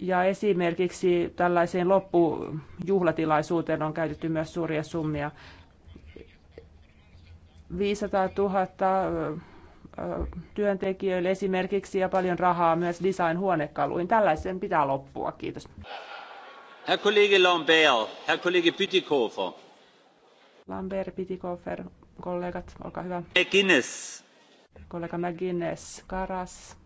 Ja esimerkiksi tällaiseen loppujuhlatilaisuuteen on käytetty myös suuria summia. 500 000 työntekijöille esimerkiksi ja paljon rahaa myös design-huonekaluihin. Tällaisen pitää loppua. Kiitos. Herr Kollege Lambert, Herr Kollege Pitikofer. Lambert, Pitikofer, kollegat, olkaa hyvä. McGuinness. Kollega McGuinness, Karas.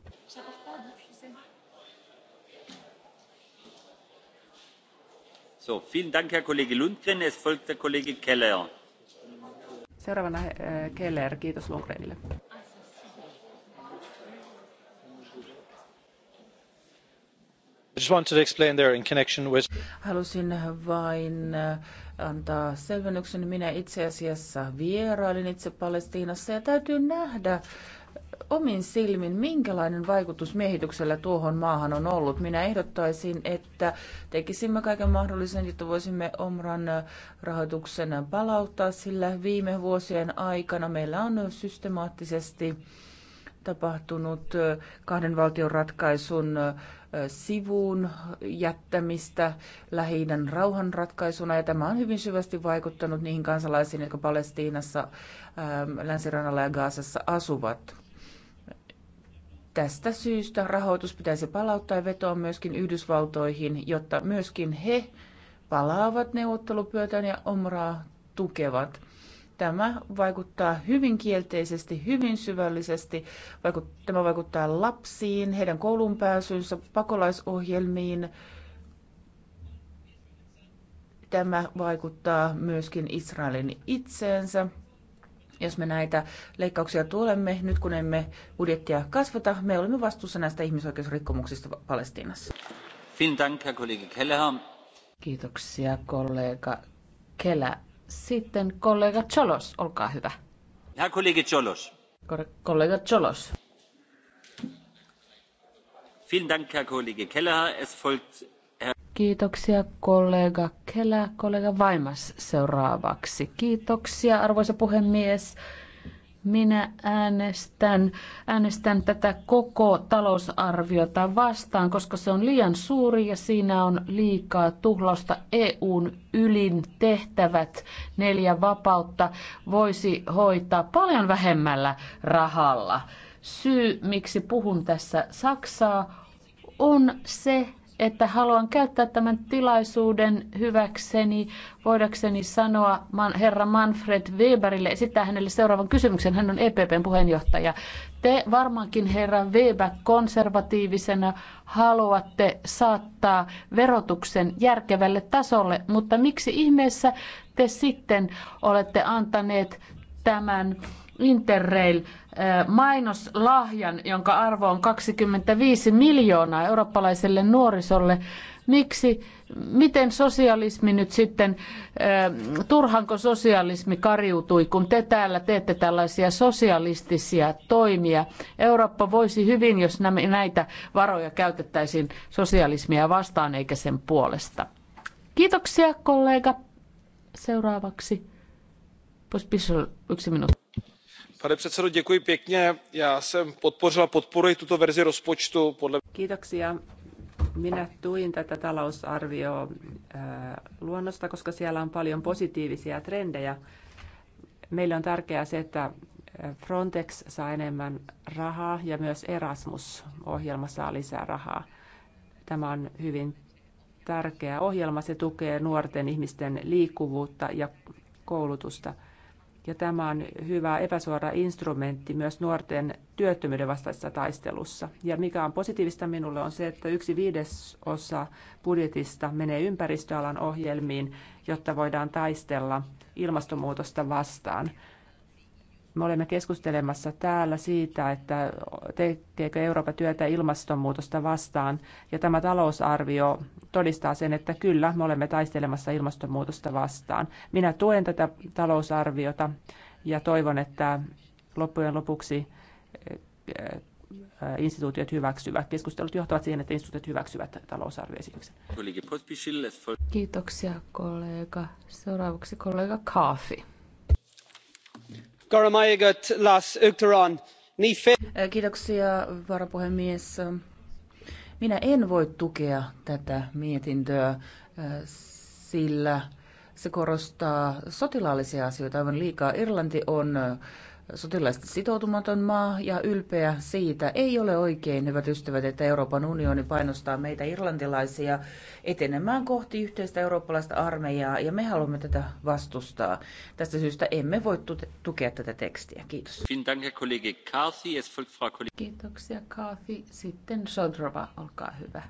So, vielen Dank, Herr Kollege Lundgren. Es folgt der Kollege Keller. Seuraavana äh, Keller, kiitos Lundgrenille Halusin vain äh, antaa selvennyksen. Minä itse asiassa vierailin itse Palestiinassa ja täytyy nähdä omin silmin, minkälainen vaikutus miehityksellä tuohon maahan on ollut. Minä ehdottaisin, että tekisimme kaiken mahdollisen, jotta voisimme Omran äh, rahoituksen palauttaa, sillä viime vuosien aikana meillä on systemaattisesti tapahtunut äh, kahden valtion ratkaisun sivuun jättämistä lähi rauhanratkaisuna. Ja tämä on hyvin syvästi vaikuttanut niihin kansalaisiin, jotka Palestiinassa, ähm, Länsirannalla ja Gaasassa asuvat. Tästä syystä rahoitus pitäisi palauttaa ja vetoa myöskin Yhdysvaltoihin, jotta myöskin he palaavat neuvottelupöytään ja omraa tukevat. Tämä vaikuttaa hyvin kielteisesti, hyvin syvällisesti. Tämä vaikuttaa lapsiin, heidän pääsynsä, pakolaisohjelmiin. Tämä vaikuttaa myöskin Israelin itseensä. Jos me näitä leikkauksia tuolemme, nyt kun emme budjettia kasvata, me olemme vastuussa näistä ihmisoikeusrikkomuksista Palestiinassa. Kiitoksia kollega Kelä. Sitten kollega Cholos, olkaa hyvä. Herr Kollege Cholos. Kollega Cholos. Vielen Dank, Herr Kollege Keller. Es folgt Herr... Kiitoksia kollega Keller, kollega Vaimas seuraavaksi. Kiitoksia arvoisa puhemies. Minä äänestän, äänestän tätä koko talousarviota vastaan, koska se on liian suuri ja siinä on liikaa tuhlausta. EUn ylin tehtävät neljä vapautta voisi hoitaa paljon vähemmällä rahalla. Syy, miksi puhun tässä Saksaa, on se, että haluan käyttää tämän tilaisuuden hyväkseni, voidakseni sanoa herra Manfred Weberille, esittää hänelle seuraavan kysymyksen. Hän on EPPn puheenjohtaja. Te varmaankin, herra Weber, konservatiivisena haluatte saattaa verotuksen järkevälle tasolle, mutta miksi ihmeessä te sitten olette antaneet tämän Interrail-mainoslahjan, jonka arvo on 25 miljoonaa eurooppalaiselle nuorisolle. Miksi, miten sosialismi nyt sitten, turhanko sosialismi kariutui, kun te täällä teette tällaisia sosialistisia toimia? Eurooppa voisi hyvin, jos näitä varoja käytettäisiin sosialismia vastaan eikä sen puolesta. Kiitoksia kollega. Seuraavaksi. Pospisil yksi minuutti pane předsedající já jsem podpořil a podporuji tuto verzi rozpočtu. kiitoksia. minä tuin tätä talousarvioluonnosta eh, koska siellä on paljon positiivisia trendejä. meille on tärkeää se että eh, frontex saa enemmän rahaa ja myös erasmus ohjelma saa lisää rahaa. tämä on hyvin tärkeä ohjelma. se tukee nuorten ihmisten liikkuvuutta ja koulutusta ja tämä on hyvä epäsuora instrumentti myös nuorten työttömyyden vastaisessa taistelussa. Ja mikä on positiivista minulle on se, että yksi viidesosa budjetista menee ympäristöalan ohjelmiin, jotta voidaan taistella ilmastonmuutosta vastaan. Me olemme keskustelemassa täällä siitä, että tekeekö Eurooppa työtä ilmastonmuutosta vastaan. Ja tämä talousarvio todistaa sen, että kyllä, me olemme taistelemassa ilmastonmuutosta vastaan. Minä tuen tätä talousarviota ja toivon, että loppujen lopuksi eh, eh, instituutiot hyväksyvät. Keskustelut johtavat siihen, että instituutiot hyväksyvät talousarvioesityksen. Kiitoksia kollega. Seuraavaksi kollega Kaafi Kiitoksia, varapuhemies. Minä en voi tukea tätä mietintöä, sillä se korostaa sotilaallisia asioita aivan liikaa. Irlanti on sotilaisesti sitoutumaton maa ja ylpeä siitä. Ei ole oikein, hyvät ystävät, että Euroopan unioni painostaa meitä irlantilaisia etenemään kohti yhteistä eurooppalaista armeijaa ja me haluamme tätä vastustaa. Tästä syystä emme voi tukea tätä tekstiä. Kiitos. Kiitoksia, Kathy. Sitten Sodrova, olkaa hyvä.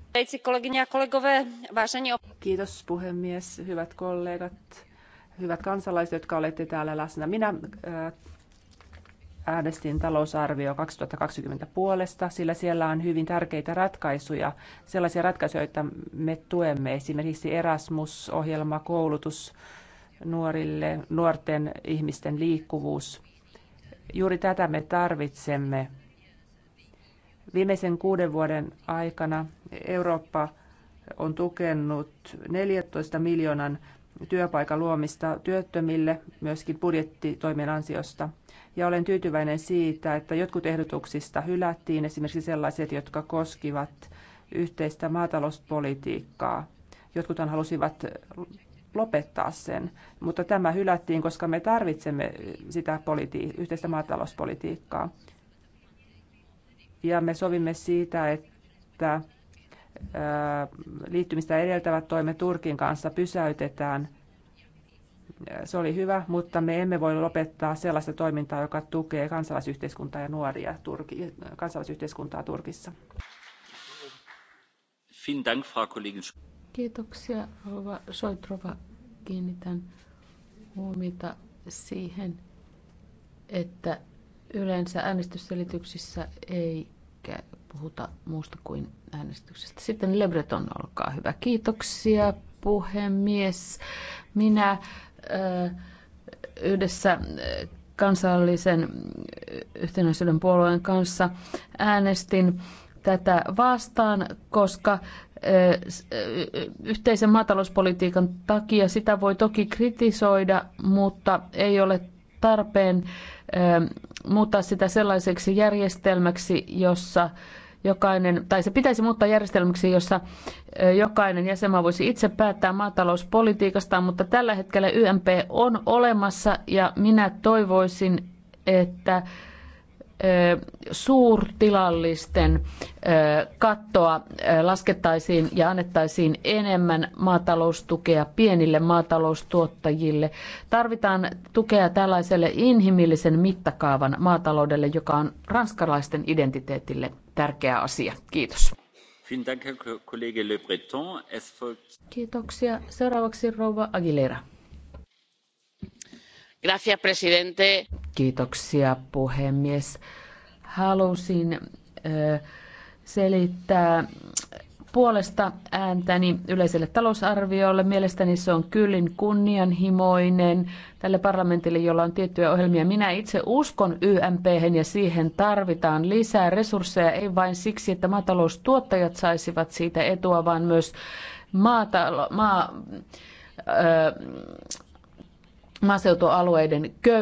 Kiitos puhemies, hyvät kollegat, hyvät kansalaiset, jotka olette täällä läsnä. Minä äh, äänestin talousarvio 2020 puolesta, sillä siellä on hyvin tärkeitä ratkaisuja, sellaisia ratkaisuja, joita me tuemme, esimerkiksi Erasmus-ohjelma, koulutus nuorille, nuorten ihmisten liikkuvuus. Juuri tätä me tarvitsemme. Viimeisen kuuden vuoden aikana Eurooppa on tukenut 14 miljoonan työpaikan luomista työttömille myöskin budjettitoimien ansiosta – ja olen tyytyväinen siitä, että jotkut ehdotuksista hylättiin, esimerkiksi sellaiset, jotka koskivat yhteistä maatalouspolitiikkaa. Jotkuthan halusivat lopettaa sen, mutta tämä hylättiin, koska me tarvitsemme sitä politi- yhteistä maatalouspolitiikkaa. Ja me sovimme siitä, että liittymistä edeltävät toimet Turkin kanssa pysäytetään – se oli hyvä, mutta me emme voi lopettaa sellaista toimintaa, joka tukee kansalaisyhteiskuntaa ja nuoria Turki, kansalaisyhteiskuntaa Turkissa. Kiitoksia, Rova Soitrova. Kiinnitän huomiota siihen, että yleensä äänestysselityksissä ei puhuta muusta kuin äänestyksestä. Sitten Lebreton, olkaa hyvä. Kiitoksia puhemies. Minä yhdessä kansallisen yhtenäisyyden puolueen kanssa äänestin tätä vastaan, koska yhteisen maatalouspolitiikan takia sitä voi toki kritisoida, mutta ei ole tarpeen muuttaa sitä sellaiseksi järjestelmäksi, jossa jokainen, tai se pitäisi muuttaa järjestelmäksi, jossa jokainen jäsenmaa voisi itse päättää maatalouspolitiikastaan, mutta tällä hetkellä YMP on olemassa ja minä toivoisin, että suurtilallisten kattoa laskettaisiin ja annettaisiin enemmän maataloustukea pienille maataloustuottajille. Tarvitaan tukea tällaiselle inhimillisen mittakaavan maataloudelle, joka on ranskalaisten identiteetille tärkeä asia. Kiitos. Kiitoksia. Seuraavaksi rouva Aguilera. Gracias, presidente. Kiitoksia, puhemies. Halusin äh, selittää puolesta ääntäni yleiselle talousarviolle. Mielestäni se on kyllin kunnianhimoinen tälle parlamentille, jolla on tiettyjä ohjelmia. Minä itse uskon YMP ja siihen tarvitaan lisää resursseja, ei vain siksi, että maataloustuottajat saisivat siitä etua, vaan myös maatalo, maa, öö, maaseutualueiden köy